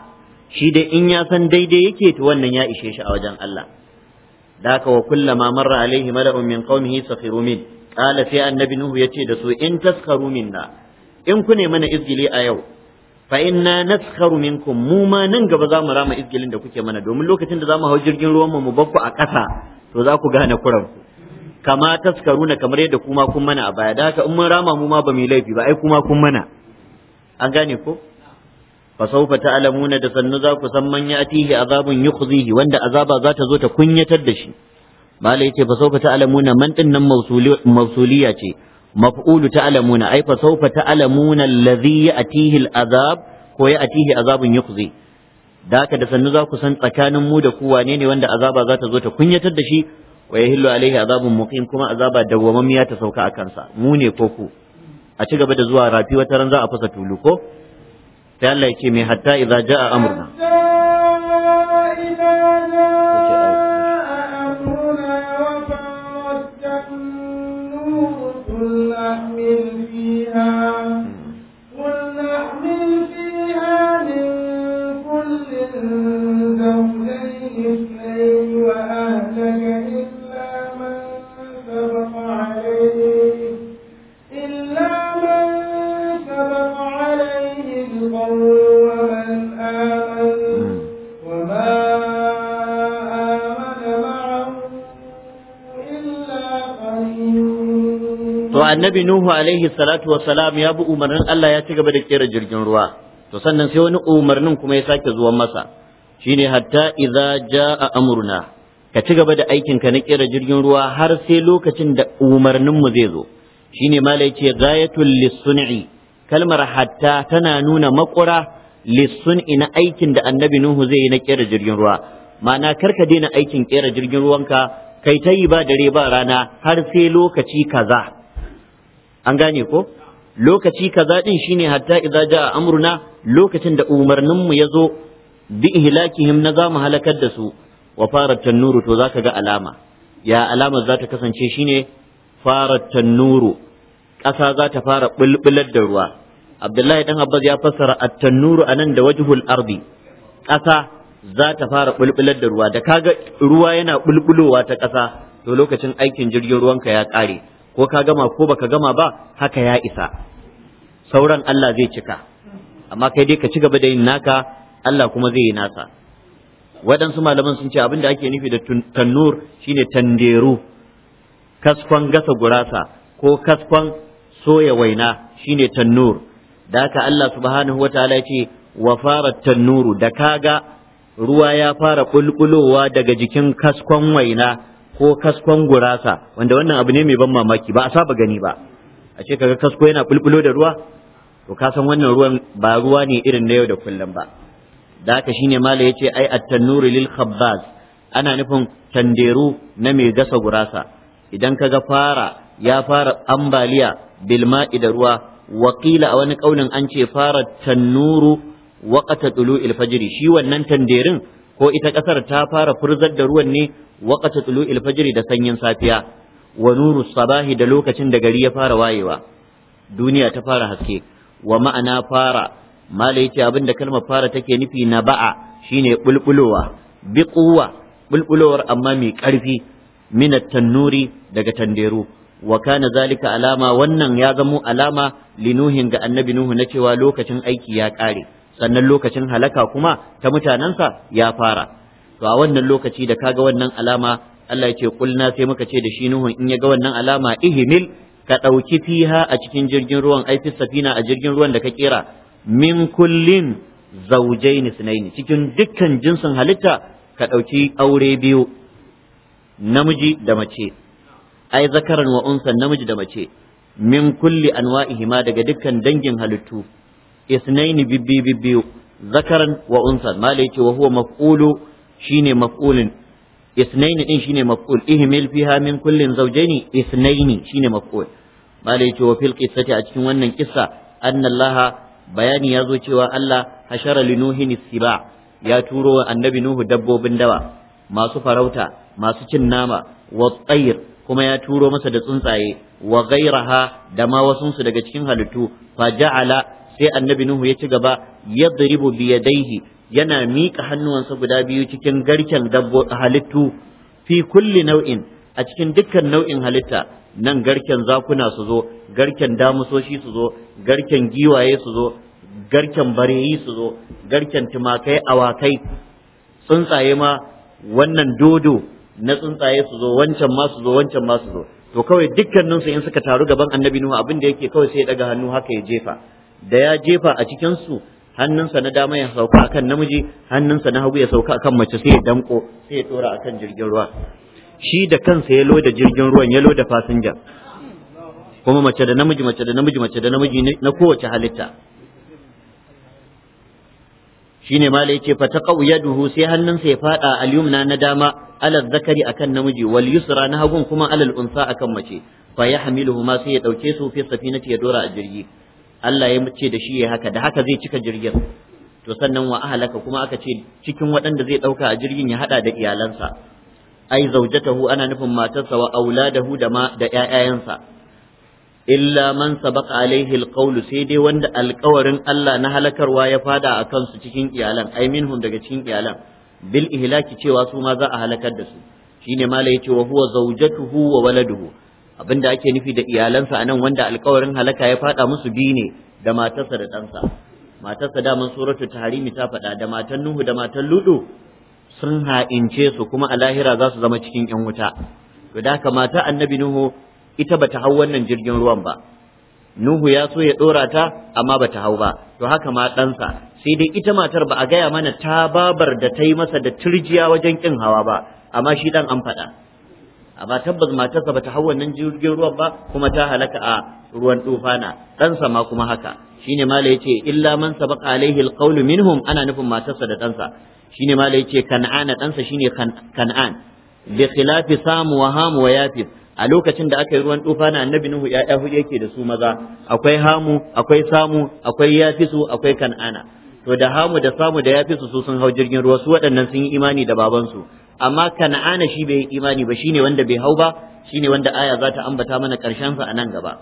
Speaker 1: shi dai in ya san daidai yake to wannan ya ishe shi a wajen Allah daka wa kullama marra alaihi mala'un min qaumihi safiru min qala sai annabi nuhu yace da su in taskaru minna in ku ne mana izgili a yau fa inna naskharu minkum mu ma nan gaba za mu rama izgilin da kuke mana domin lokacin da za mu hau jirgin ruwan mu bakku a ƙasa to za ku gane kuran ku kama taskaruna kamar yadda kuma kun mana a baya da haka in mun rama mu ma ba mu laifi ba ai kuma kun mana an gane ko fa sawfa ta'lamuna da sannu za ku san man ya'tihi azabun yukhzihi wanda azaba za ta zo ta kunyatar da shi malai ce fa sawfa ta'lamuna man din nan mausuliya ce مفعول تعلمون أي فسوف تعلمون الذي يأتيه العذاب هو يأتيه عذاب يخزي ذاك da sannu za ku san tsakanin mu da ku wane ne wanda azaba za ta zo ta kunyatar da shi wa yahillu alaihi azabun muqim kuma azaba dawwamammiya ta sauka a kansa mu ne ko ku a ci gaba da zuwa rafi wata ran za a fasa tulu ko sai Allah ya mai hatta idza jaa amruna annabi nuhu alaihi salatu wa salam ya bi umarnin Allah ya ci gaba da kera jirgin ruwa to sannan sai wani umarnin kuma ya sake zuwa masa shine hatta idza jaa amruna ka ci gaba da aikin ka na kera jirgin ruwa har sai lokacin da umarnin mu zai zo shine mala yace lisun'i kalmar hatta tana nuna makura lisun'i na aikin da annabi nuhu zai yi na kera jirgin ruwa ma'ana karka daina aikin kera jirgin ruwanka kai ta yi ba dare ba rana har sai lokaci kaza an gane ko lokaci kaza din shine hatta idza jaa amruna lokacin da umarnin mu yazo bi ihlakihim na zamu halakar da su wa farat tanuru to zaka ga alama ya alama za ta kasance shine farat tanuru ƙasa za ta fara bulbular da ruwa abdullahi dan abbas ya fassara at-tanuru anan da wajhul ardi ƙasa za ta fara bulbular da ruwa da kaga ruwa yana bulbulowa ta ƙasa to lokacin aikin jirgin ruwanka ya ƙare ko ka gama ko baka gama ba haka ya isa sauran Allah zai cika amma kai dai ka ci gaba da yin naka Allah kuma zai yi nasa waɗansu malaman sun ce abin da ake nufi da tannur shine tanderu kaskon gasa gurasa ko kaskon soya waina shine tannur da haka Allah subhanahu wataala ya ce wa fara tannuru da kaga ruwa ya fara kulkulowa daga jikin kaskon waina ko kaskon gurasa wanda wannan abu ne mai ban mamaki ba a saba gani ba a ce kaga kasko yana bulbulo da ruwa to ka san wannan ruwan ba ruwa ne irin na yau da kullum ba da haka shine mala yace ai at-tannuru lil khabbaz ana nufin tanderu na mai gasa gurasa idan kaga fara ya fara ambaliya bil ma'i da ruwa wakila a wani kaunin an ce fara tannuru waqata tulu'il fajr shi wannan tanderin ko ita ƙasar ta fara furzar da ruwan ne waqata tulu'il ilfajiri da sanyin safiya wa nuru sabahi da lokacin da gari ya fara wayewa duniya ta fara haske wa ma'ana fara mala yace abin da kalmar fara take nufi na ba'a shine bulbulowa bi quwwa bulbulowar amma mai ƙarfi min tannuri daga tanderu wa kana zalika alama wannan ya zamo alama linuhin ga annabi nuhu na cewa lokacin aiki ya ƙare sannan lokacin halaka kuma ta mutanensa ya fara to a wannan lokaci da kaga wannan alama Allah ya ce kulna sai muka ce da shi nuhun in ya ga wannan alama ihmil ka ɗauki fiha a cikin jirgin ruwan ai safina a jirgin ruwan da ka kera min kullin zaujaini sunaini cikin dukkan jinsin halitta ka ɗauki aure biyu namiji da mace ai zakaran wa unsan namiji da mace min kulli anwa'ihima daga dukkan dangin halittu isnaini bibbi bibbiyu zakaran wa unsan wa huwa maf'ulu shine maf'ulin isnaini din shine maf'ul ihmil kullin zawjaini isnaini shine maf'ul malai ce wa fil qissati a cikin wannan kissa anna allaha bayani ya zo cewa Allah hashara li nuhin siba ya turo wa annabi nuhu dabbobin dawa masu farauta masu cin nama wa kuma ya turo masa da tsuntsaye wa gairaha da ma wasunsu daga cikin halittu fa ja'ala sai annabi nuhu ya ci gaba yadribu bi yadayhi yana miƙa hannuwansa guda biyu cikin garken halittu fi kulli nau'in a cikin dukkan nau'in halitta nan garken zakuna su zo garken damusoshi su zo garken giwaye su zo garken bareyi su zo garken tumakai awakai tsuntsaye ma wannan dodo na tsuntsaye su zo wancan ma su zo wancan ma su zo to kawai dukkanin su in suka taru gaban annabi nuhu abin da yake kawai sai ya daga hannu haka ya jefa da ya jefa a cikin su hannunsa na dama ya sauka akan namiji hannunsa na hagu ya sauka akan mace sai ya danko sai ya dora akan jirgin ruwa shi da kansa ya loda jirgin ruwan ya loda fasinja kuma mace da namiji mace da namiji mace da namiji na kowace halitta ne mala yace fa taqau yaduhu sai hannunsa ya fada al-yumna na dama alal zakari akan namiji wal yusra na hagun kuma alal unsa akan mace fa yahmiluhuma sai ya dauke su fi safinati ya dora a jirgi Allah ya mace da shi ya haka da haka zai cika jirgin to sannan wa ahlaka kuma aka ce cikin waɗanda zai ɗauka a jirgin ya haɗa da iyalansa ai zaujatahu ana nufin matarsa wa auladahu da ma da ƴaƴayansa illa man sabaqa alaihi alqawlu sai dai wanda alƙawarin Allah na halakarwa ya fada a kansu cikin iyalan ai minhum daga cikin iyalan bil ihlaki cewa su ma za a halakar da su shine mala ce wa huwa zaujatuhu wa waladuhu Abin da ake nufi da iyalansa a nan wanda alkawarin halaka ya fada musu biyu ne da matarsa da ɗansa matarsa daman suratu tahrimi ta faɗa da matan nuhu da matan ludu sun ha'ince su kuma a lahira za su zama cikin yan wuta to da haka mata annabi nuhu ita bata hau wannan jirgin ruwan ba nuhu ya so ya dora ta amma bata hau ba to haka ma ɗansa sai dai ita matar ba a gaya mana ta babar da ta yi masa da turjiya wajen ƙin hawa ba amma shi ɗan an faɗa Ba tabbas matarsa ba ta hau wannan jirgin ruwan ba kuma ta halaka a ruwan tufana ɗansa ma kuma haka shine mala yace illa man sabaqa alaihi alqawlu minhum ana nufin matarsa da ɗansa shine mala yace kan'ana ɗansa shine kan'an bi khilafi sam wa ham wa yafis a lokacin da aka yi ruwan tufana annabi nuhu ya'ya yake da su maza akwai hamu akwai samu akwai yafisu akwai kan'ana to da hamu da samu da yafisu su sun hau jirgin ruwa su waɗannan sun yi imani da babansu amma kana'ana shi bai yi imani ba shine wanda bai hau ba shine wanda aya za ta ambata mana karshen a nan gaba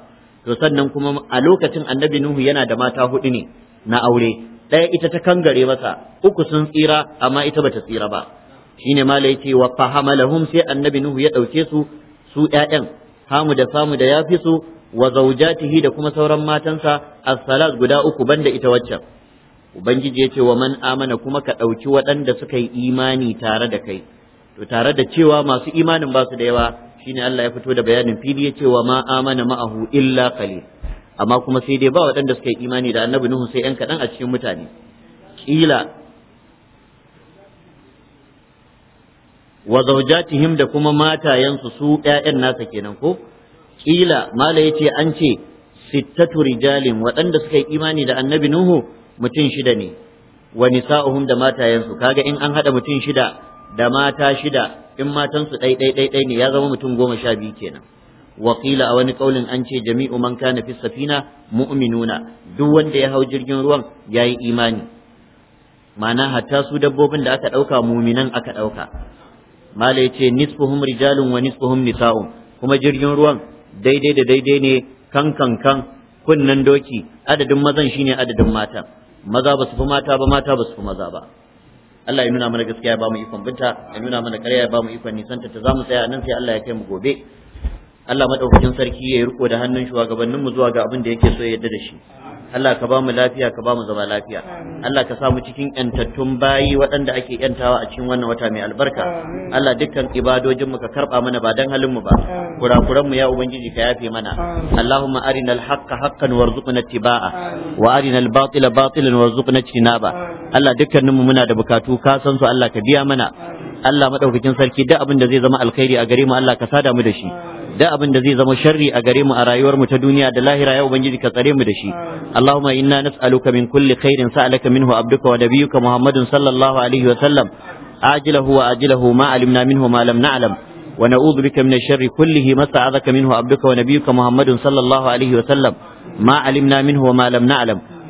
Speaker 1: to sannan kuma a lokacin annabi nuhu yana da mata hudu ne na aure ɗaya ita ta kangare masa uku sun tsira amma ita bata tsira ba shine ma yace wa fahamalahum sai annabi nuhu ya dauke su su ƴaƴan hamu da samu da yafi su wa zaujatihi da kuma sauran matansa a salat guda uku banda ita waccan ubangiji yace wa man amana kuma ka ɗauki waɗanda suka yi imani tare da kai to tare da cewa masu imanin basu da yawa shine Allah ya fito da bayanin fili ya cewa ma amana ma'ahu illa qalil amma kuma sai dai ba waɗanda suka yi imani da annabi nuhu sai yan kaɗan a cikin mutane kila wa zawjatihim da kuma matayensu su ƴaƴan nasa kenan ko kila mala yace an ce sittatu rijalin waɗanda suka yi imani da annabi nuhu mutum shida ne wa nisa'uhum da matayensu kaga in an hada mutum shida da mata shida in matansu ɗai ɗai ɗai ɗai ne ya zama mutum goma sha biyu kenan wakila a wani kaulin an ce jami'u man kana fi safina mu'minuna duk wanda ya hau jirgin ruwan yayi imani Mana hatta su dabbobin da aka ɗauka muminan aka ɗauka mala yace nisfuhum rijalun wa nisfuhum nisa'un kuma jirgin ruwan daidai da daidai ne kan kan kan kunnen doki adadin mazan shine adadin matan, maza ba su fi mata ba mata ba su fi maza ba Allah ya nuna mana gaskiya ya ba mu ikon binta ya nuna mana karya ya ba mu ikon nisanta ta zamu tsaya nan sai Allah ya kai mu gobe Allah madaukakin sarki ya riko da hannun shugabanninmu zuwa ga abin da yake so ya yarda da shi Allah ka ba mu lafiya ka ba mu zama lafiya Allah ka sa mu cikin yantattun bayi waɗanda ake yantawa a cikin wannan wata mai albarka Allah dukkan ibadojin mu ka karba mana ba dan halin mu ba kurakuran mu ya ubangiji ka yafe mana Allahumma arinal haqqa haqqan warzuqna Tiba'a. wa arinal batila batilan warzuqna ijtinaba Allah dukkanin mu muna da bukatu ka san su Allah ka biya mana Allah madaukakin sarki duk abin da zai zama alkhairi a gare mu Allah ka sada mu da shi da abin da zai zama sharri a gare mu a rayuwar mu ta duniya da lahira ya ubangiji ka tsare mu da shi Allahumma inna nas'aluka min kulli khairin sa'alaka minhu abduka wa nabiyyuka Muhammadun sallallahu alaihi wa sallam ajilahu wa ajilahu ma alimna minhu ma lam na'lam wa na'udhu bika min sharri kullihi ma sa'adaka minhu abduka wa nabiyyuka Muhammadun sallallahu alaihi wa sallam ma alimna minhu wa ma lam na'lam